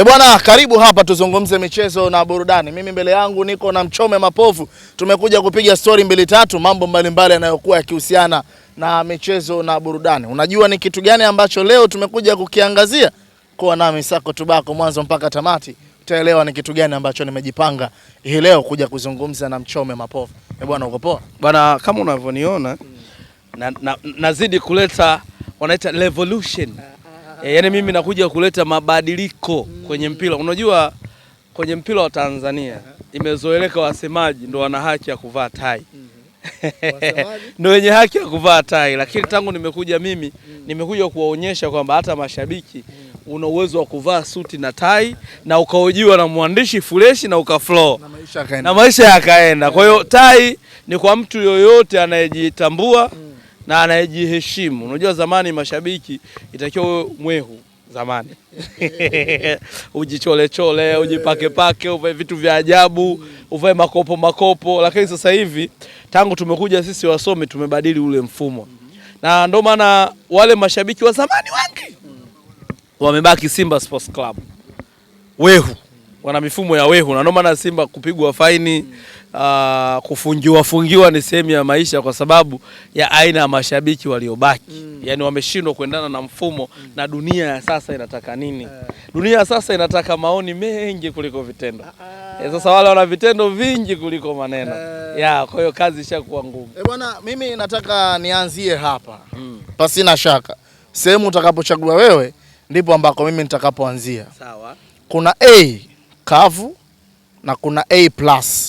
E bwana, karibu hapa tuzungumze michezo na burudani. Mimi mbele yangu niko na Mchome Mapovu. Tumekuja kupiga stori mbili tatu, mambo mbalimbali yanayokuwa yakihusiana na michezo na burudani. Unajua ni kitu gani ambacho leo tumekuja kukiangazia? Kuwa nami Sako Tubako mwanzo mpaka tamati, utaelewa ni kitu gani ambacho nimejipanga hii leo kuja kuzungumza na Mchome Mapovu. E bwana, uko poa bwana? Kama unavyoniona, nazidi na, na kuleta wanaita revolution E, yani mimi nakuja kuleta mabadiliko mm. kwenye mpira. Unajua kwenye mpira wa Tanzania imezoeleka wasemaji ndo wana haki ya kuvaa tai ndo wenye haki ya kuvaa tai, lakini tangu nimekuja mimi nimekuja kuwaonyesha kwamba hata mashabiki una uwezo wa kuvaa suti na tai na ukaojiwa na mwandishi fuleshi na ukaflow na maisha yakaenda. Kwa hiyo tai ni kwa mtu yoyote anayejitambua mm na anayejiheshimu. Unajua zamani mashabiki itakiwa mwehu zamani ujicholechole, ujipakepake, uvae vitu vya ajabu, uvae makopo makopo. Lakini sasa hivi tangu tumekuja sisi wasomi tumebadili ule mfumo, na ndio maana wale mashabiki wa zamani wengi wamebaki Simba Sports Club wehu, wana mifumo ya wehu, na ndio maana Simba kupigwa faini Ah, kufungiwa fungiwa ni sehemu ya maisha kwa sababu ya aina ya mashabiki waliobaki mm. Yani wameshindwa kuendana na mfumo mm. Na dunia ya sasa inataka nini? Uh. Dunia ya sasa inataka maoni mengi kuliko vitendo uh, ah, Ya ah. eh, Sasa wale wana vitendo vingi kuliko maneno uh. Ya kwa hiyo kazi ishakuwa ngumu bwana. Mimi nataka nianzie hapa mm. Pasina shaka sehemu utakapochagua wewe ndipo ambako mimi nitakapoanzia. Sawa. Kuna A kavu na kuna A plus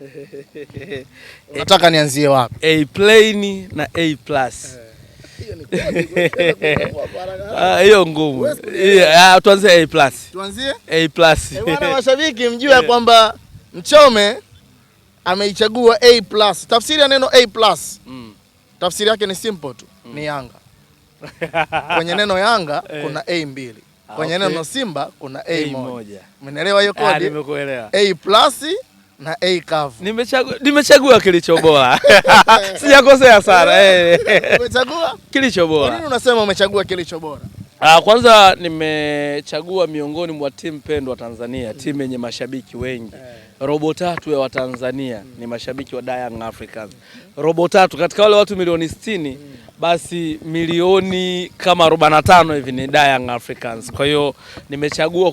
Unataka nianzie wapi? A plain na A plus. Hiyo ngumu. Tuanzie A plus. Tuanzie A plus. Eh, bwana mashabiki mjue kwamba Mchome ameichagua A plus. Tafsiri ya neno A plus. Mm. Tafsiri yake ni simple tu. Mm. Ni Yanga. Kwenye neno Yanga eh. kuna A mbili. Ah, Kwenye okay. neno Simba kuna A moja. Umeelewa hiyo kodi? Ah, nimekuelewa. A plus na A kavu. Nimechagua nimechagua kilicho bora. Sijakosea sana. Eh. Umechagua kilicho bora. Kwa nini unasema umechagua kilicho bora? Ah, kwanza nimechagua miongoni mwa timu pendwa Tanzania, mm. timu yenye mashabiki wengi, eh. robo tatu ya Watanzania ni mashabiki wa Young Africans. Robo tatu katika wale watu milioni sitini, mm. basi milioni kama 45 hivi ni Young Africans. Kwa hiyo nimechagua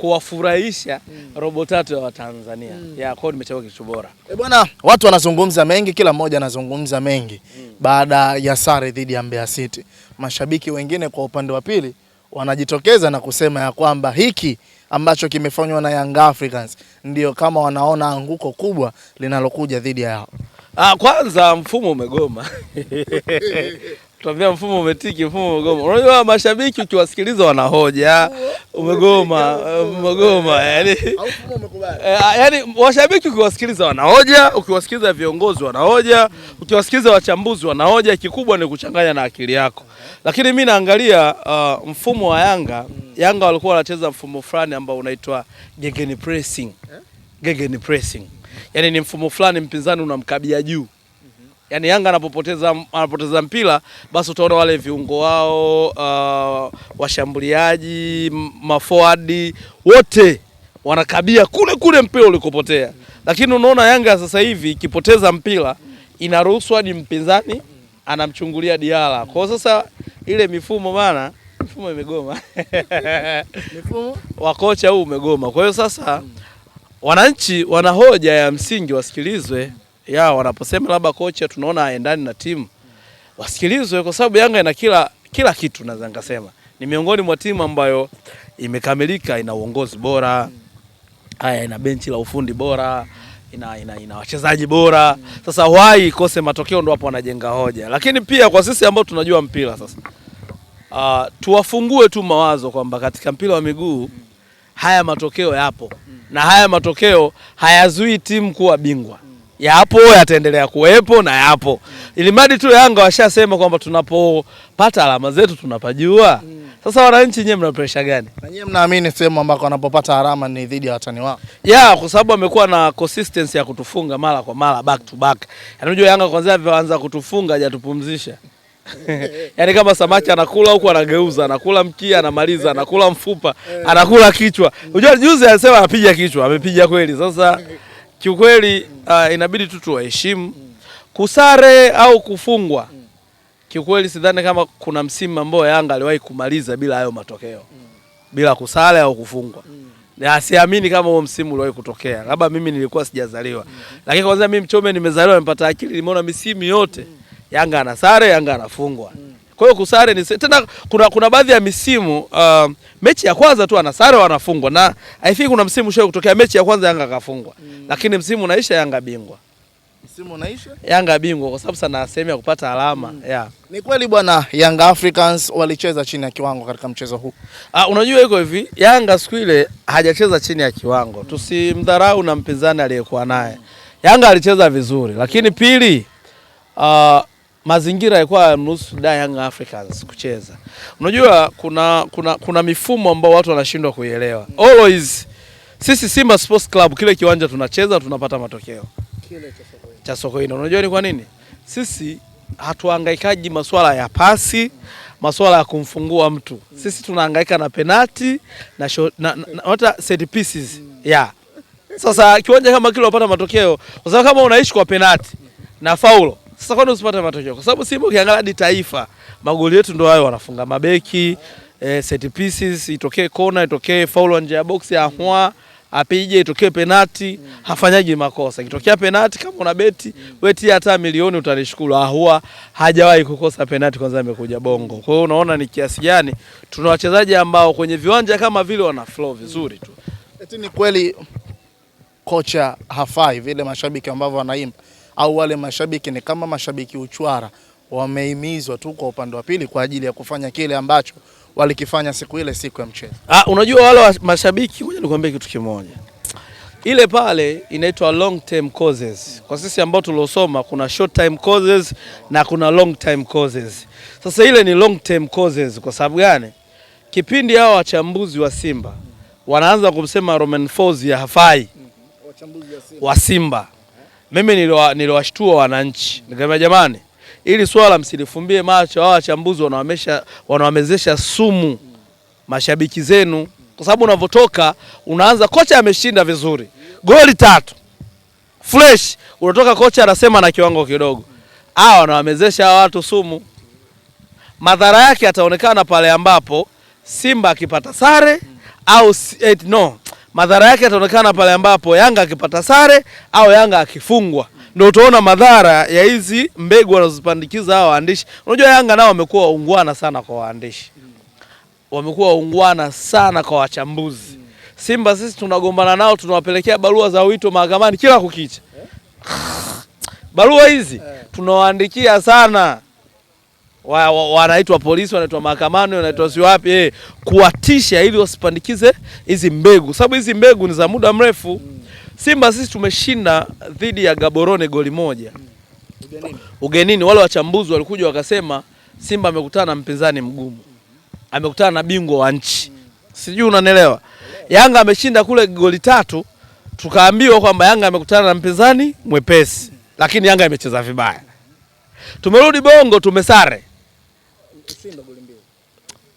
kuwafurahisha mm. robo tatu ya Watanzania ya hiyo nimechagua kitu bora. E bwana, watu wanazungumza mengi, kila mmoja anazungumza mengi baada ya sare dhidi ya Mbeya City mashabiki wengine kwa upande wa pili wanajitokeza na kusema ya kwamba hiki ambacho kimefanywa na Young Africans ndio kama wanaona anguko kubwa linalokuja dhidi yao. Ah, kwanza mfumo umegoma Tuambia mfumo umetiki, mfumo umegoma. Unajua mashabiki ukiwasikiliza wanahoja umegoma, umegoma yani, eh, ah, yani washabiki ukiwasikiliza wanahoja, ukiwasikiliza viongozi wanahoja, ukiwasikiliza wachambuzi wanahoja, kikubwa ni kuchanganya na akili yako. Lakini mi naangalia uh, mfumo wa Yanga. Yanga walikuwa wanacheza mfumo fulani ambao unaitwa gegen pressing, eh? yani ni mfumo fulani mpinzani unamkabia juu yani Yanga anapopoteza anapoteza mpira basi utaona wale viungo wao uh, washambuliaji maforward wote wanakabia kule kule mpira ulikopotea, lakini unaona Yanga sasa hivi ikipoteza mpira inaruhusu hadi mpinzani anamchungulia Diala. Kwa sasa ile mifumo bana, mifumo imegoma mifumo wa kocha huu umegoma. Kwa hiyo sasa wananchi wana hoja ya msingi wasikilizwe ya wanaposema labda kocha tunaona aendani na timu wasikilizwe, kwa sababu Yanga ina kila kila kitu, naweza nikasema ni miongoni mwa timu ambayo imekamilika, ina uongozi bora haya, ina benchi la ufundi bora ina, ina, ina wachezaji bora Sasa wai ikose matokeo, ndo hapo wanajenga hoja, lakini pia kwa sisi ambao tunajua mpira sasa, uh, tuwafungue tu mawazo kwamba katika mpira wa miguu haya matokeo yapo na haya matokeo hayazui timu kuwa bingwa yapo, yataendelea kuwepo na yapo, ili mradi tu Yanga washasema kwamba tunapopata alama zetu tunapajua. Mm. Sasa wananchi nyewe mna pressure gani? Na nyewe mnaamini sehemu ambako wanapopata alama ni dhidi ya watani wao? Yeah, kwa sababu amekuwa na consistency ya kutufunga mara kwa mara back to back. Yaani unajua Yanga kwanza alianza kutufunga hajatupumzisha. Yaani kama samaki anakula huku anageuza, anakula mkia, anamaliza, anakula mfupa, eh. anakula kichwa. Unajua juzi alisema anapiga kichwa, amepiga kweli. Sasa kiukweli uh, inabidi tu tuwaheshimu. Kusare au kufungwa, kiukweli sidhani kama kuna msimu ambao Yanga aliwahi kumaliza bila hayo matokeo, bila kusare au kufungwa. Na siamini kama huo msimu uliwahi kutokea, labda mimi nilikuwa sijazaliwa, lakini kwanza mimi Mchome nimezaliwa, nimepata akili, nimeona misimu yote Yanga anasare, Yanga anafungwa. Kwa hiyo kusare ni tena, kuna, kuna baadhi ya misimu uh, mechi ya kwanza tu anasare wanafungwa, na I think kuna msimu shao kutokea mechi ya kwanza Yanga kafungwa mm. Lakini msimu unaisha Yanga bingwa msimu unaisha Yanga bingwa kwa sababu sana sehemu ya kupata alama mm. yeah. Ni kweli bwana, Young Africans walicheza chini ya kiwango katika mchezo huu. Ah, unajua iko hivi, Yanga siku ile hajacheza chini ya kiwango mm. Tusimdharau na mpinzani aliyekuwa naye mm. Yanga alicheza vizuri, lakini pili uh, mazingira yalikuwa yaruhusu da Young Africans kucheza. Unajua kuna, kuna, kuna mifumo ambayo watu wanashindwa kuielewa. Mm. Always sisi Simba Sports Club kile kiwanja tunacheza tunapata matokeo kile cha Sokoine. Unajua ni kwa nini? Sisi hatuhangaikaji masuala ya pasi, masuala ya kumfungua mtu. Mm. Sisi tunahangaika na penati na hata set pieces. Mm. Yeah. Sasa kiwanja kama kile unapata matokeo kwa sababu kama unaishi kwa penati na faulo sasa kwani usipate matokeo? Kwa sababu Simba ukiangalia hadi taifa magoli yetu ndio hayo, wanafunga mabeki eh, set pieces, itokee kona, itokee foul nje ya box ya hwa apige itokee penati, hafanyaji makosa. Ikitokea penati, kama una beti weti hata milioni utanishukuru, ahua hajawahi kukosa penati, kwanza amekuja Bongo. Kwa hiyo unaona ni kiasi gani tuna wachezaji ambao kwenye viwanja kama vile wana flow vizuri tu. Eti ni kweli kocha hafai vile mashabiki ambavyo wanaimba au wale mashabiki ni kama mashabiki uchwara, wamehimizwa tu kwa upande wa pili kwa ajili ya kufanya kile ambacho walikifanya siku ile siku ya mchezo. Ah, unajua wale wa mashabiki, ngoja nikwambie kitu kimoja, ile pale inaitwa long term causes. Kwa sisi ambao tuliosoma kuna short time causes na kuna long time causes. Sasa ile ni long term causes. Kwa sababu gani? Kipindi hao wachambuzi wa Simba wanaanza kumsema Romain Folz ya hafai mhm. wa Simba mimi niliwashtua wananchi nikamwambia jamani, ili swala msilifumbie macho. Hawa wachambuzi wanawamezesha sumu mashabiki zenu, kwa sababu unavyotoka unaanza, kocha ameshinda vizuri goli tatu fresh, unatoka kocha anasema na kiwango kidogo. Hawa wanawamezesha watu sumu. Madhara yake yataonekana pale ambapo Simba akipata sare au eh, no madhara yake yataonekana pale ambapo Yanga akipata sare au Yanga akifungwa, ndio utaona madhara ya hizi mbegu wanazopandikiza hawa waandishi. Unajua Yanga nao wamekuwa waungwana sana kwa waandishi, wamekuwa waungwana sana kwa wachambuzi. Simba sisi tunagombana nao, tunawapelekea barua za wito mahakamani kila kukicha. Barua hizi eh. tunawaandikia sana wanaitwa polisi, wanaitwa mahakamani, wanaitwa si wapi eh, kuwatisha ili wasipandikize hizi mbegu, sababu hizi mbegu ni za muda mrefu. Simba sisi tumeshinda dhidi ya Gaborone goli moja ugenini, ugenini. Wale wachambuzi walikuja wakasema Simba amekutana na mpinzani mgumu, amekutana na bingwa wa nchi, sijui unanielewa. Yanga ameshinda kule goli tatu, tukaambiwa kwamba Yanga amekutana na mpinzani mwepesi, lakini Yanga imecheza vibaya. Tumerudi Bongo tumesare Simba goli mbili.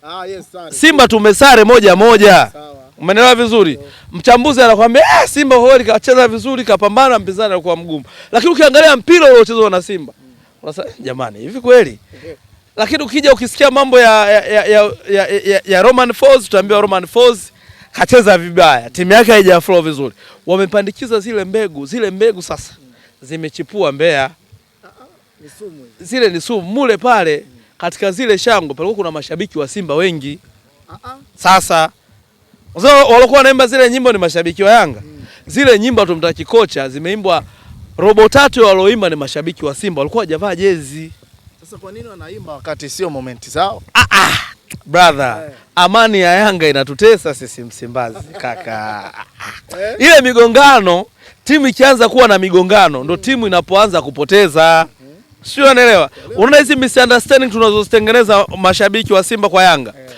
Ah, yes, sare. Simba tumesare moja moja. Umeelewa vizuri? Mchambuzi anakuambia eh, Simba kweli kacheza vizuri, kapambana, mpinzani alikuwa mgumu. Lakini ukiangalia mpira uliochezwa na Simba, unasema jamani, hivi kweli? Lakini ukija ukisikia mambo ya ya, ya, ya, ya, ya Roman Falls, tutaambiwa Roman Falls kacheza vibaya, timu yake haija flow vizuri. Wamepandikiza zile mbegu, zile mbegu sasa zimechipua Mbeya. Ah, ah, zile ni sumu mule pale katika zile shango palikuwa kuna mashabiki wa Simba wengi. Uh-uh. Sasa walikuwa wanaimba zile nyimbo ni mashabiki wa Yanga. Hmm. Zile nyimbo tumtaki kocha zimeimbwa robo tatu walioimba ni mashabiki wa Simba walikuwa hawajavaa jezi. Sasa kwa nini wanaimba wakati sio momenti zao? Ah ah, brother, hey. Eh. Amani ya Yanga inatutesa sisi Msimbazi kaka. Hey. Eh? Ile migongano timu ikianza kuwa na migongano ndo hmm. timu inapoanza kupoteza sio, anaelewa. Unaona hizi misunderstanding tunazozitengeneza mashabiki wa Simba kwa Yanga, yeah.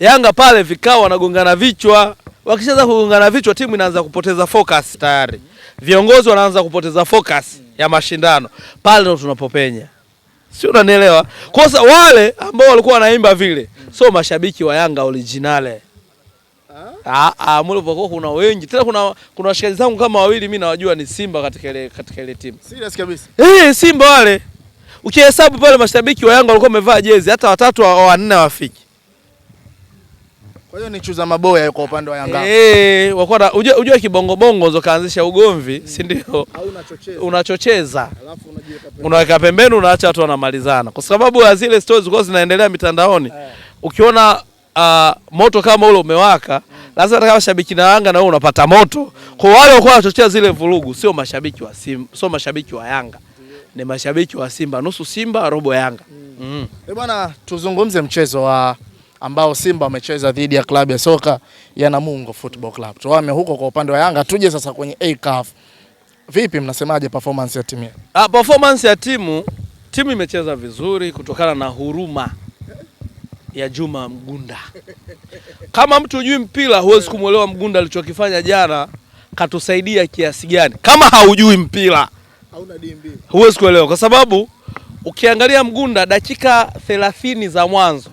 Yanga pale vikao wanagongana vichwa, wakishaanza kugongana vichwa timu inaanza kupoteza focus tayari, viongozi wanaanza kupoteza focus ya mashindano, pale ndo tunapopenya sio, unanielewa? Kosa wale ambao walikuwa wanaimba vile so mashabiki wa Yanga originale Ah, ah, mlipokuwa kuna wengi tena, kuna kuna washikaji zangu kama wawili, mimi nawajua ni Simba katika ile katika ile timu serious kabisa eh, Simba wale Ukihesabu pale mashabiki wa Yanga walikuwa wamevaa jezi hata watatu au wanne wafiki. Kwa hiyo ni chuza maboya kwa upande wa Yanga. Eh, wakuwa unajua kibongo bongo zo kaanzisha ugomvi, hmm, si ndio? Unachocheza. Unachocheza. Alafu unajiweka pembeni. Unaweka pembeni unaacha watu wanamalizana. Kwa sababu ya zile stories zilikuwa zinaendelea mitandaoni. Eh. Ukiona uh, moto kama ule umewaka, hmm, lazima kama shabiki na Yanga na wewe unapata moto. Hmm. Kwa wale walikuwa wanachochea zile vurugu, sio mashabiki wa Simba, sio mashabiki wa Yanga ni mashabiki wa Simba, nusu Simba robo Yanga. mm. E bwana, tuzungumze mchezo wa ambao Simba wamecheza dhidi ya klabu ya soka ya Namungo Football Club. Tuame huko kwa upande wa Yanga, tuje sasa kwenye ACAF. Vipi, mnasemaje performance ya timu? Ah, performance ya timu, timu imecheza vizuri kutokana na huruma ya Juma Mgunda. Kama mtu hujui mpira huwezi kumwelewa Mgunda alichokifanya jana, katusaidia kiasi gani kama haujui mpira hauna Huwezi kuelewa kwa sababu ukiangalia Mgunda dakika thelathini za mwanzo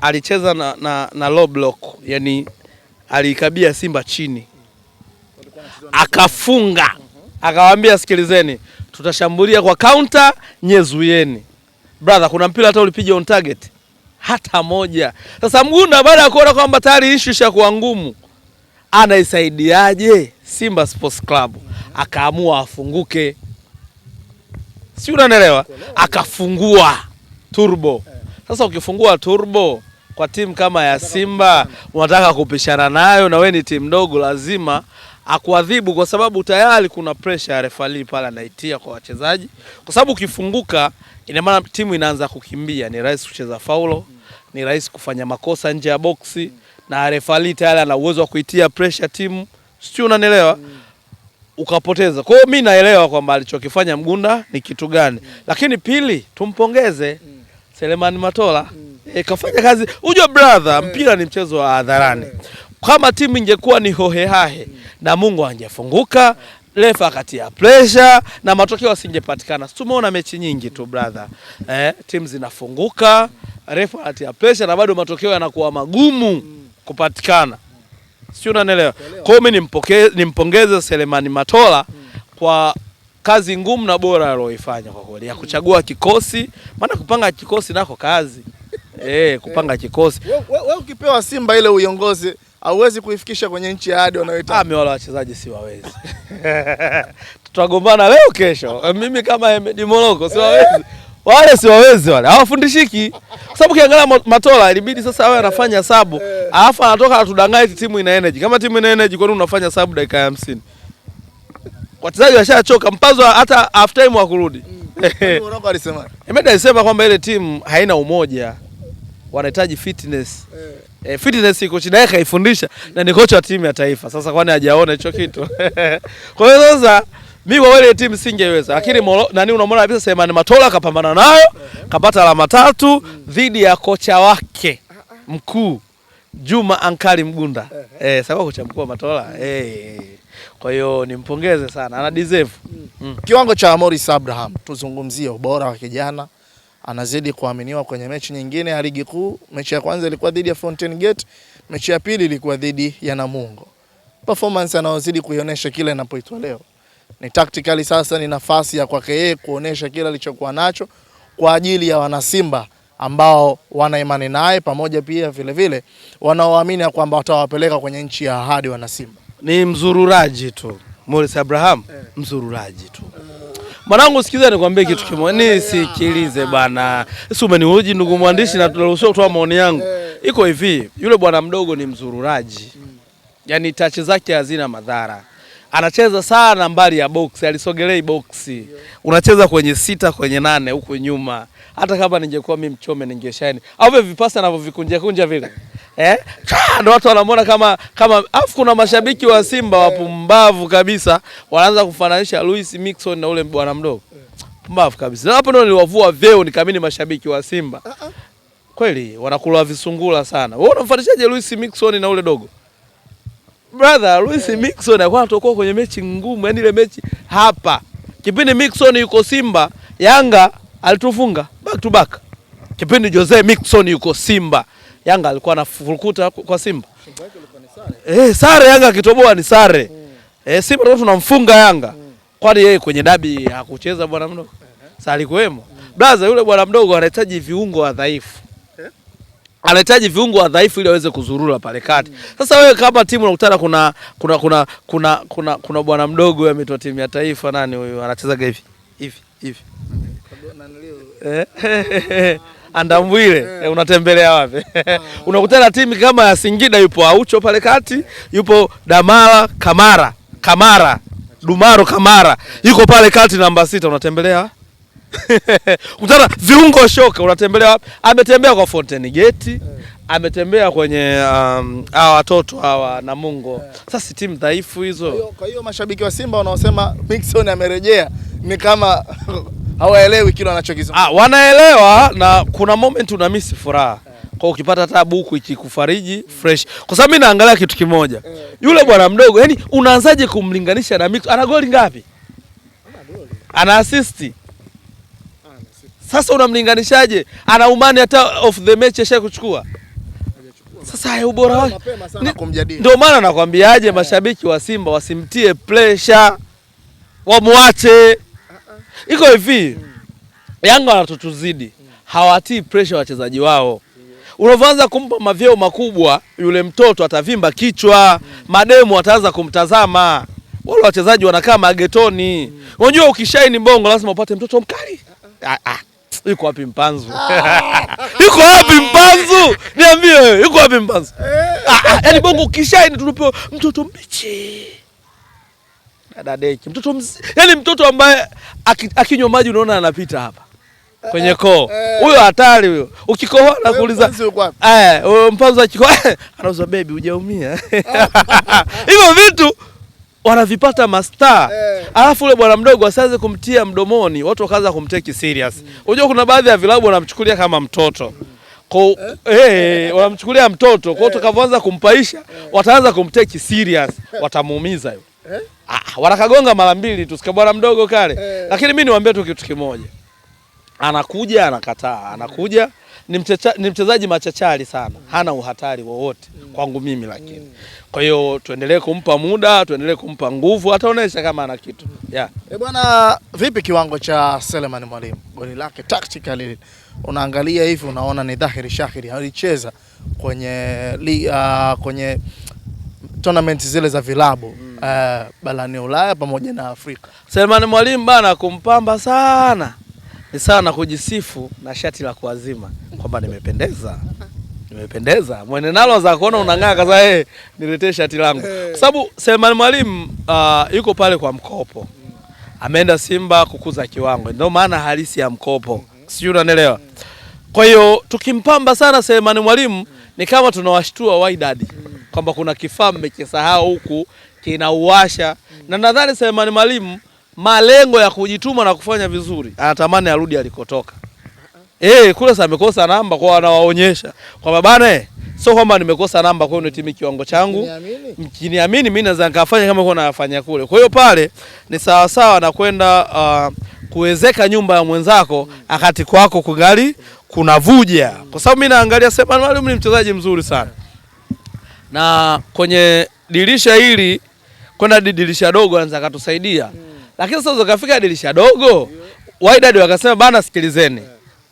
alicheza na, na, na low block, yani aliikabia Simba chini akafunga, akawaambia sikilizeni, tutashambulia kwa counter, nyezuyeni Brother, kuna mpira hata ulipiga on target hata moja. Sasa Mgunda baada ya kuona kwamba tayari ishu ishakuwa ngumu, anaisaidiaje? Simba Sports Club akaamua afunguke, si unanielewa? Akafungua turbo. Sasa ukifungua turbo kwa timu kama ya Simba unataka kupishana nayo, na we ni timu ndogo, lazima akuadhibu, kwa sababu tayari kuna pressure ya refali pale anaitia kwa wachezaji, kwa sababu ukifunguka, ina maana timu inaanza kukimbia, ni rahisi kucheza faulo, ni rahisi kufanya makosa nje ya boksi, na refali tayari ana uwezo wa kuitia pressure timu sio, unanielewa mm. Ukapoteza. Kwa hiyo mi naelewa kwamba alichokifanya Mgunda ni kitu gani mm. Lakini pili tumpongeze mm. Selemani Matola mm. E, kafanya kazi. Unajua brother, eh. mpira ni mchezo wa hadharani. Eh. Kama timu ingekuwa ni hohehahe mm. na Mungu angefunguka refa ya pressure na matokeo asingepatikana. Tumeona mechi nyingi tu brother, eh, timu zinafunguka refa ya pressure na bado matokeo yanakuwa magumu mm. kupatikana si unanielewa? Kwa hiyo mimi nimpongeze Selemani Matola kwa kazi ngumu na bora aliyoifanya kwa kweli ya kuchagua kikosi, maana kupanga kikosi nako kazi eh, kupanga kikosi. Wewe ukipewa Simba ile uiongoze hauwezi kuifikisha kwenye nchi ya hadi wanayoitaka. Ah, mimi wala wachezaji siwawezi. Tutagombana leo kesho, mimi kama Ahmed Moroko wawezi eh wale siwawezi wale, hawafundishiki kwa sababu kiangalia Matola ilibidi sasa awe anafanya sabu, alafu anatoka atudanganye timu ina energy. Kama timu ina energy, kwani unafanya sabu dakika ya 50? Wachezaji washachoka mpazo, hata half time wa kurudi. alisema Emeda alisema kwamba ile timu haina umoja, wanahitaji fitness E, fitness iko chini yake kaifundisha na ni kocha wa timu ya taifa. Sasa kwani hajaona hicho kitu? Kwa hiyo sasa mi wawele timu singeweza, lakini nani, unamwona kabisa Selemani Matola kapambana nayo kapata alama tatu dhidi ya kocha wake mkuu Juma Ankali Mgunda eh, sababu kocha mkuu wa Matola eh. Kwa hiyo nimpongeze sana, ana deserve mm. Kiwango cha Morris Abraham tuzungumzie ubora wa kijana anazidi kuaminiwa kwenye mechi nyingine ya ligi kuu. Mechi ya kwanza ilikuwa dhidi ya Fountain Gate, mechi ya pili ilikuwa dhidi ya Namungo. Performance anayozidi kuionyesha kile inapoitwa leo ni tactically sasa ni nafasi ya kwake yeye kuonesha kila alichokuwa nacho kwa ajili ya wanasimba ambao wana imani naye pamoja pia vile vile wanaoamini ya kwamba watawapeleka kwenye nchi ya ahadi. Wanasimba ni mzururaji tu, Morris Abraham eh, mzururaji tu Mwanangu sikiliza, nikwambie kitu kimoja, eh. nisikilize bana. Si umenihoji ndugu mwandishi, na tunaruhusiwa kutoa maoni yangu. Eh. Iko hivi, yule bwana mdogo ni mzururaji, hmm. yaani tachi zake hazina madhara anacheza sana mbali ya box, alisogelei box. Unacheza kwenye sita, kwenye nane huko nyuma. Hata kama ningekuwa mimi mchome ningeshine. Au vile vipasa anavyovikunja kunja vile. Eh? Ndio watu wanamuona kama kama afu kuna mashabiki wa Simba wapumbavu kabisa, wanaanza kufananisha Luis Mixon na ule bwana mdogo. Pumbavu kabisa. hapo ndio niliwavua vyeo nikamini mashabiki wa Simba. Uh-uh. Kweli wanakula visungula sana. Wewe unamfanishaje Luis Mixon na ule dogo? brother Luis yeah. Mixon alikuwa anatoka kwenye mechi ngumu, yani ile mechi hapa, kipindi Mixon yuko Simba, Yanga alitufunga back to back. Kipindi Jose Mixon yuko Simba, Yanga alikuwa anafurukuta kwa Simba eh, sare Yanga akitoboa ni sare mm. Eh, Simba ndio tunamfunga Yanga mm. Kwani yeye kwenye dabi hakucheza bwana mdogo? uh -huh. Sasa alikuwemo mm. Brother, yule bwana mdogo anahitaji viungo wa dhaifu anahitaji viungo wadhaifu ili aweze kuzurura pale kati. Sasa wewe kama timu unakutana kuna kuna kuna kuna kuna, kuna bwana mdogo huyo ametoa timu ya taifa, nani huyu anachezaga hivi hivi hivi eh? Andambwile yeah. Eh, unatembelea wapi? Unakutana timu kama ya Singida, yupo Aucho pale kati, yupo damala Kamara Kamara Dumaro Kamara yuko pale kati namba sita, unatembelea Kutana viungo shoka unatembelea wapi? Ametembea kwa Fountain Gate, yeah. Ametembea kwenye um, watoto hawa na Mungo. Yeah. Sasa timu dhaifu hizo. Kwa hiyo mashabiki wa Simba wanaosema Mixon amerejea ni kama hawaelewi kile wanachokizungumza. Ah, wanaelewa na kuna moment una miss furaha. Eh. Kwa ukipata tabu huku ikikufariji fresh. Kwa sababu mimi naangalia kitu kimoja. Yeah. Yule bwana mdogo, yani unaanzaje kumlinganisha na Mixon? Ana goli ngapi? Ana goli. Ana assist. Sasa unamlinganishaje? Ana umani hata of the match asha kuchukua. Sasa haya ubora wake ndio maana nakwambiaje, Mashabiki wa Simba wasimtie pressure, wamwache Iko hivi Yanga wanatutuzidi hmm. Hawatii pressure wachezaji wao Unaanza kumpa mavyeo makubwa yule mtoto atavimba kichwa Mademu ataanza kumtazama, wale wachezaji wanakaa magetoni. Unajua Ukishaini bongo lazima upate mtoto mkali Ah, ah. Yuko wapi Mpanzu? Yuko ah. wapi Mpanzu? Niambie wewe, yuko wapi Mpanzu? Eh. Ah, ah, yaani bongo kishaini tulipo mtoto mbichi. Dada Deki, mtoto mzee. Yaani mtoto ambaye akinywa maji unaona anapita hapa eh, kwenye koo. Eh, huyo hatari huyo. Ukikohoa na kuuliza eh, Mpanzu akikohoa anauza baby, hujaumia. Hivyo vitu wanavipata mastaa eh. Alafu ule bwana mdogo asianze kumtia mdomoni, watu wakaanza kumteki serious. Unajua mm. kuna baadhi ya vilabu wanamchukulia kama mtoto mm. Ko, eh, hey, eh, wanamchukulia mtoto kwa eh. utakavyoanza kumpaisha eh. wataanza kumteki serious, watamuumiza yule ah, ah, wanakagonga mara mbili tu sika bwana mdogo kale Lakini mimi niwaambie tu kitu kimoja, anakuja anakataa, anakuja ni mchezaji machachari sana, hana uhatari wowote kwangu mimi, lakini kwa hiyo tuendelee kumpa muda, tuendelee kumpa nguvu, ataonesha kama ana kitu yeah. E bwana, vipi kiwango cha Selemani Mwalimu, goli lake tactically unaangalia hivi, unaona ni dhahiri shahiri alicheza kwenye li, uh, kwenye tournament zile za vilabu mm. uh, barani Ulaya pamoja na Afrika. Selemani Mwalimu bana kumpamba sana ni sawa na kujisifu na shati la kuazima kwamba nimependeza nimependeza mwene nalo za kuona unang'aa kaza, hey, niletee shati langu Kwa sababu Selemani Mwalimu uh, yuko pale kwa mkopo, ameenda Simba kukuza kiwango, ndio maana halisi ya mkopo, sijui unanielewa. Kwa hiyo tukimpamba sana Selemani Mwalimu ni kama tunawashtua Wydad kwamba kuna kifaa mmekisahau huku kinauasha, na nadhani Selemani Mwalimu malengo ya kujituma na kufanya vizuri, anatamani arudi alikotoka. Eh, kule sasa amekosa namba kwa anawaonyesha kwamba bana, sio kwamba nimekosa namba kwa hiyo nitimi kiwango changu. Mkiniamini mimi naweza nikafanya kama kwa nafanya kule. Kwa hiyo pale ni sawa sawa na kwenda uh, kuwezeka nyumba ya mwenzako akati kwako kugali kuna vuja. Kwa sababu mimi naangalia sema Mwalimu ni mchezaji mzuri sana. Na kwenye dirisha hili kwenda dirisha dogo anaweza akatusaidia. hmm lakini sasa ukafika dirisha dogo Wydad wakasema bana, sikilizeni,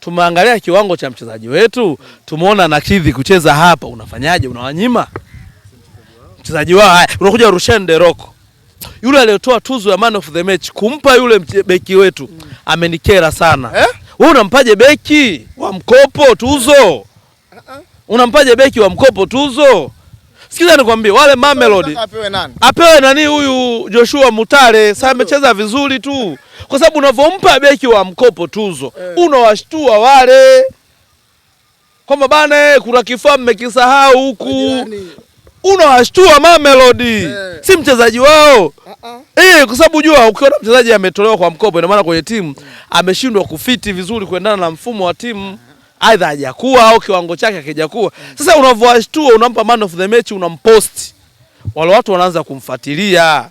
tumeangalia kiwango cha mchezaji wetu, tumeona nakidhi kucheza hapa, unafanyaje? Unawanyima mchezaji wao, unakuja Rushan Deroko yule aliyotoa tuzo ya man of the match kumpa yule beki wetu amenikera sana eh? Wewe unampaje beki wa mkopo tuzo? Uh-uh. Unampaje beki wa mkopo tuzo? Sikiza nikwambie, wale Mamelodi apewe nani? Apewe nani? Huyu Joshua Mutale sasa amecheza vizuri tu, kwa sababu unavyompa beki wa mkopo tuzo eh, unawashtua wale kwamba bana, eh, kuna kifaa mmekisahau huku, unawashtua Mamelodi eh, si mchezaji wao uh-uh. eh, kwa sababu jua, ukiona mchezaji ametolewa kwa mkopo, ina maana kwenye timu ameshindwa kufiti vizuri kuendana na mfumo wa timu aidha hajakuwa au kiwango chake hakijakuwa. Sasa unavyoashtua, unampa man of the match, unampost, wale watu wanaanza kumfuatilia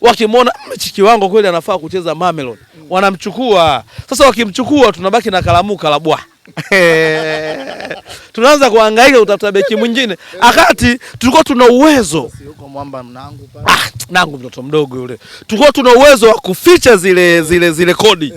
wakimwona mechi kiwango kweli anafaa kucheza Mamelodi, wanamchukua sasa. Wakimchukua tunabaki na kalamuka la bwa tunaanza kuhangaika kutafuta beki mwingine, akati tulikuwa tuna uwezo ah, nangu mtoto mdogo yule, tulikuwa tuna uwezo wa kuficha zile zile zile kodi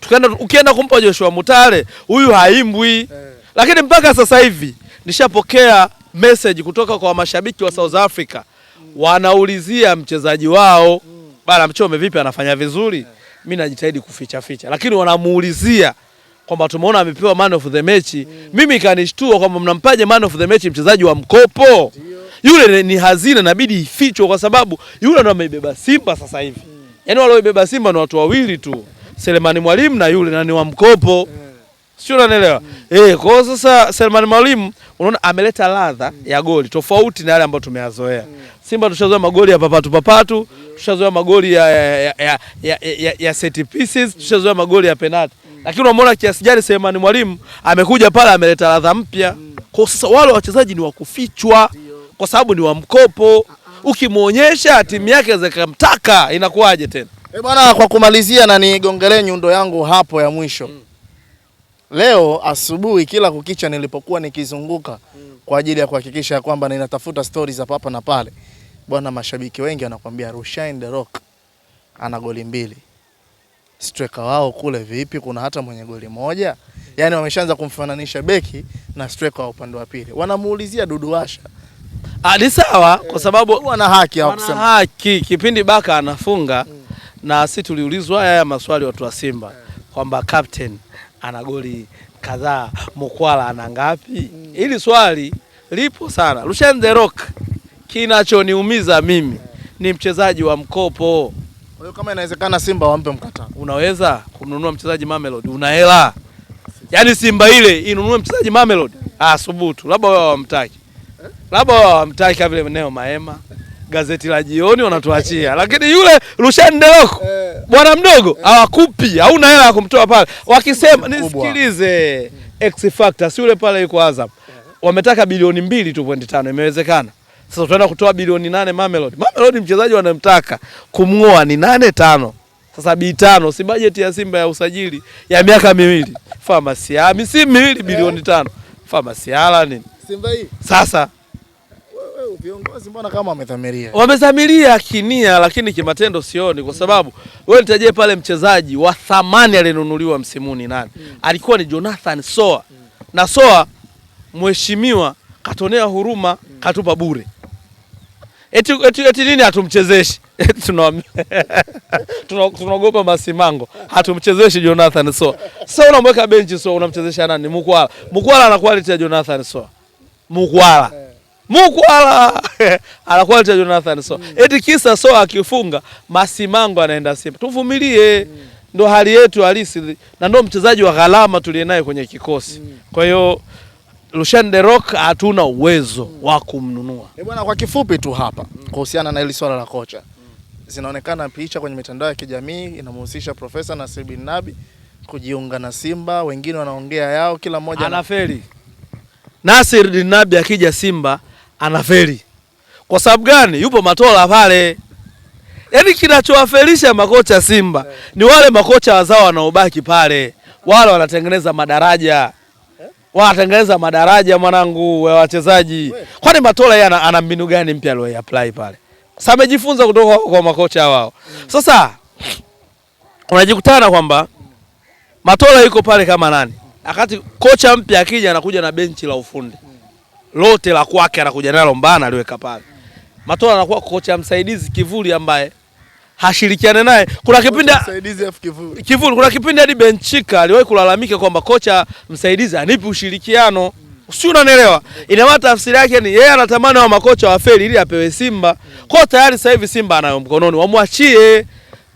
tukaenda, ukienda kumpa Joshua Mutale huyu haimbwi eh. Lakini mpaka sasa hivi nishapokea message kutoka kwa mashabiki wa South Africa mm. wanaulizia mchezaji wao mm. bana Mchome vipi anafanya vizuri eh. Mimi najitahidi kuficha ficha, lakini wanamuulizia kwamba tumeona amepewa man of the match mm. Mimi kanishtua kwamba mnampaje man of the match mchezaji wa mkopo Dio. Yule ni hazina, inabidi ifichwe kwa sababu yule ndo ameibeba Simba sasa hivi mm. Yaani waloibeba Simba ni watu wawili tu. Selemani Mwalimu na yule na ni wa mkopo yeah. sio, unanielewa eh? Kwa sasa Selemani Mwalimu unaona ameleta ladha mm. ya goli tofauti na yale ambayo tumeyazoea mm. Simba tushazoea magoli ya papatu papatu mm. tushazoea magoli ya, ya, ya, ya, ya, ya set pieces mm. tushazoea magoli ya penalti mm. lakini unamwona kiasi gani Selemani Mwalimu amekuja pale ameleta ladha mpya mm. kwa sasa wale wachezaji ni wakufichwa kwa sababu ni wa mkopo, ukimwonyesha timu yake zikamtaka inakuwaje tena? E bwana, kwa kumalizia na nigongelee nyundo yangu hapo ya mwisho mm. Leo asubuhi kila kukicha nilipokuwa nikizunguka mm. kwa ajili ya kuhakikisha ya kwamba ninatafuta stories za papa na pale, bwana, mashabiki wengi wanakuambia Rushine The Rock ana goli mbili, striker wao kule vipi? Kuna hata mwenye goli moja Yaani wameshaanza kumfananisha beki na striker wa upande wa pili, wanamuulizia Dudu Washa. Ah, ni sawa kwa eh. sababu wana haki, wana haki kipindi Baka anafunga mm na sisi tuliulizwa haya maswali watu wa Simba kwamba captain ana goli kadhaa, mukwala ana ngapi? Mm. Hili mm. swali lipo sana. Lucien the Rock, kinachoniumiza mimi ni mchezaji wa mkopo. Kwa hiyo kama inawezekana Simba wampe mkataba, unaweza kumnunua mchezaji Mamelodi, una hela yaani Simba ile inunue mchezaji Mamelodi, ah, subutu. Labda wao hawamtaki, eh? labda wao hawamtaki, kama vile Neo Maema gazeti la jioni wanatuachia, lakini yule Rushani Ndeloko eh. bwana mdogo eh. hawakupi, hauna hela ya kumtoa pale. Wakisema nisikilize, X Factor si yule pale yuko Azam, wametaka bilioni mbili tu pointi tano, imewezekana sasa tutaenda kutoa bilioni nane Mamelodi. Mamelodi mchezaji wanamtaka kumngoa ni nane tano. Sasa bi tano si bajeti ya Simba ya usajili ya miaka miwili. Famasi ya misimu miwili bilioni eh. tano. Famasi ala nini? Simba hii. Sasa viongozi mbona kama wamedhamiria, wamedhamiria kinia, lakini kimatendo sioni, kwa sababu wewe mm. nitajie pale mchezaji wa thamani aliyenunuliwa msimuni nani? mm. alikuwa ni Jonathan Soa mm. na Soa mheshimiwa katonea huruma mm. katupa bure eti, eti, eti nini hatumchezeshi tunaogopa masimango, hatumchezeshi Jonathan so Sasa unamweka benchi so unamchezesha nani? Mukwala. Mukwala ana quality ya Jonathan so Mukwala eh. Mukwala anakuwa cha Jonathan so mm. eti kisa so akifunga Masimango anaenda Simba. Tuvumilie mm. ndo hali yetu halisi na ndo mchezaji wa gharama tuliye naye kwenye kikosi mm. kwa hiyo Lucien De Rock hatuna uwezo mm. wa kumnunua. Eh, bwana kwa kifupi tu hapa mm. kuhusiana na hili swala la kocha mm. zinaonekana picha kwenye mitandao ya kijamii inamhusisha Profesa Nasir bin Nabi kujiunga na Simba, wengine wanaongea yao, kila mmoja anaferi. Nasir bin Nabi akija Simba anafeli. Kwa sababu gani? Yupo Matola pale. Yaani kinachowafelisha makocha Simba ni wale makocha wazao wanaobaki pale, wale wanatengeneza madaraja wanatengeneza madaraja mwanangu wa wachezaji. Kwani Matola yeye ana, mbinu gani mpya aliyo apply pale? Sasa amejifunza kutoka kwa makocha wao. Sasa unajikutana kwamba Matola yuko pale kama nani, wakati kocha mpya akija anakuja na benchi la ufundi lote la kwake anakuja nalo Mbana aliweka pale. Matola anakuwa kocha msaidizi kivuli ambaye hashirikiane naye. Kuna kipindi msaidizi afu kivuli. Kivuli kuna kipindi hadi Benchika aliwahi kulalamika kwamba kocha msaidizi anipi ushirikiano. Si unanielewa? Ina maana tafsiri yake ni yeye anatamani wa makocha wa feli ili apewe Simba. Kwa tayari sasa hivi Simba anayo mkononi, wamwachie.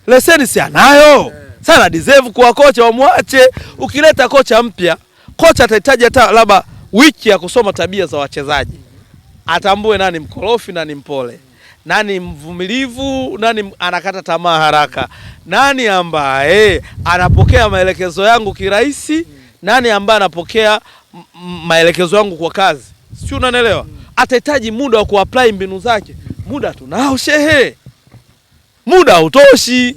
Leseni si anayo. Sana deserve kuwa kocha wamwache. Ukileta kocha mpya, kocha atahitaji hata labda wiki ya kusoma tabia za wachezaji, atambue nani mkorofi, nani mpole, nani mvumilivu, nani anakata tamaa haraka, nani ambaye anapokea maelekezo yangu kirahisi, nani ambaye anapokea maelekezo yangu kwa kazi, si unanielewa? Atahitaji muda wa kuapply mbinu zake. Muda tunao shehe, muda hautoshi.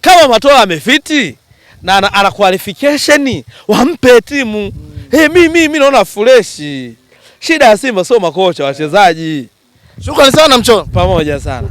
Kama Matola amefiti na ana, ana qualification, wampe timu Hey, mi mi naona freshi. Shida ya Simba sio makocha, wachezaji. Shukrani sana mchoro. Pamoja sana.